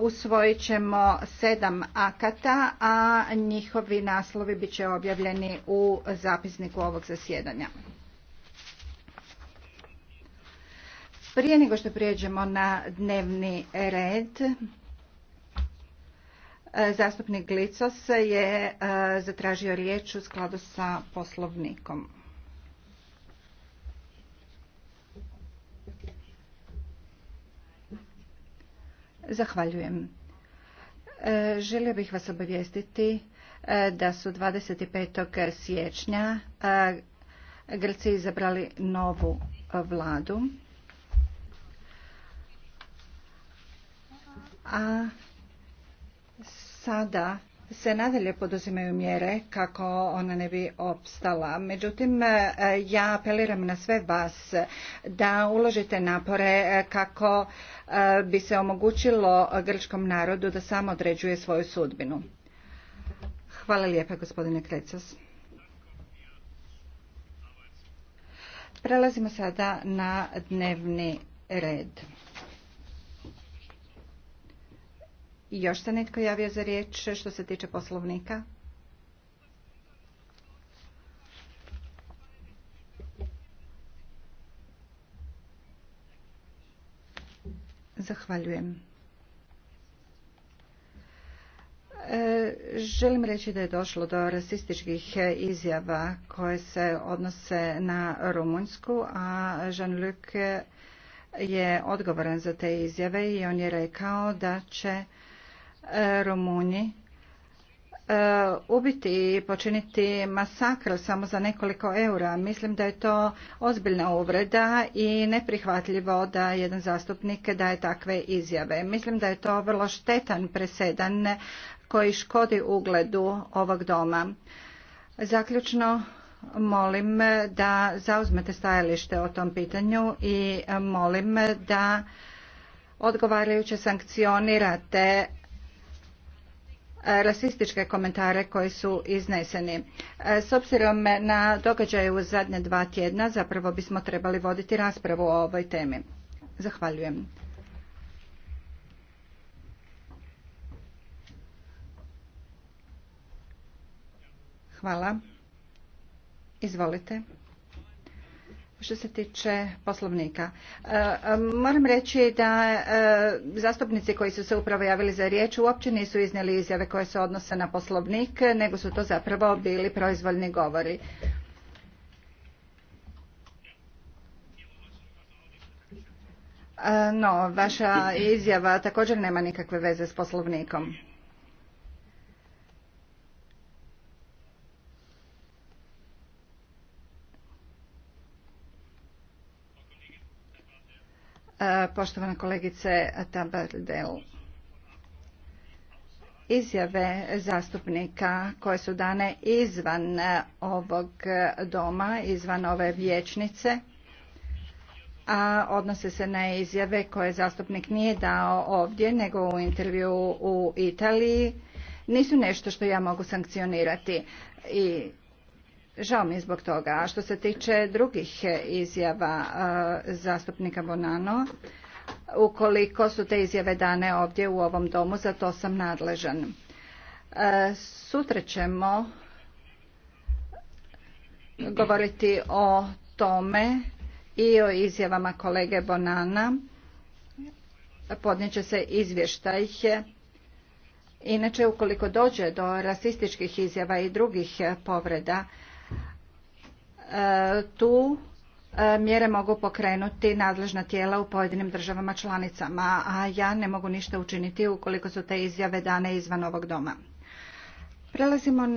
usvojit ćemo sedam akata, a njihovi naslovi bit će objavljeni u zapisniku ovog zasjedanja. Prije nego što prijeđemo na dnevni red, e, zastupnik Glicos je e, zatražio riječ u skladu sa poslovnikom. Zahvaljujem. E, želio bih vas obavijestiti e, da su 25. siječnja e, Grci izabrali novu vladu. A sada se nadalje poduzimaju mjere kako ona ne bi opstala. Međutim, e, ja apeliram na sve vas da uložite napore kako e, bi se omogućilo grčkom narodu da samo određuje svoju sudbinu. Hvala lijepa, gospodine Krecas. Prelazimo sada na dnevni red. Još se netko javio za riječ što se tiče poslovnika? Zahvaljujem. E, želim reći da je došlo do rasističkih izjava koje se odnose na Rumunjsku, a Jean-Luc je odgovoran za te izjave i on je rekao da će Rumunji e, ubiti i počiniti masakr samo za nekoliko eura. Mislim da je to ozbiljna uvreda i neprihvatljivo da jedan zastupnik daje takve izjave. Mislim da je to vrlo štetan presedan koji škodi ugledu ovog doma. Zaključno molim da zauzmete stajalište o tom pitanju i molim da odgovarajuće sankcionirate rasističke komentare koji su izneseni. E, s obzirom na događaje u zadnje dva tjedna zapravo bismo trebali voditi raspravu o ovoj temi. Zahvaljujem. Hvala. Izvolite. Što se tiče poslovnika, e, moram reći da e, zastupnici koji su se upravo javili za riječ uopće nisu iznijeli izjave koje se odnose na poslovnik, nego su to zapravo bili proizvoljni govori. E, no, vaša izjava također nema nikakve veze s poslovnikom. poštovana kolegice Tabardel, Izjave zastupnika koje su dane izvan ovog doma, izvan ove vječnice, a odnose se na izjave koje zastupnik nije dao ovdje, nego u intervju u Italiji, nisu nešto što ja mogu sankcionirati i Žao mi je zbog toga. A što se tiče drugih e, izjava e, zastupnika Bonano, ukoliko su te izjave dane ovdje u ovom domu, za to sam nadležan. E, sutra ćemo govoriti o tome i o izjavama kolege Bonana. Podnijet će se izvještaj Inače, ukoliko dođe do rasističkih izjava i drugih povreda, tu e, mjere mogu pokrenuti nadležna tijela u pojedinim državama članicama, a ja ne mogu ništa učiniti ukoliko su te izjave dane izvan ovog doma. Prelazimo na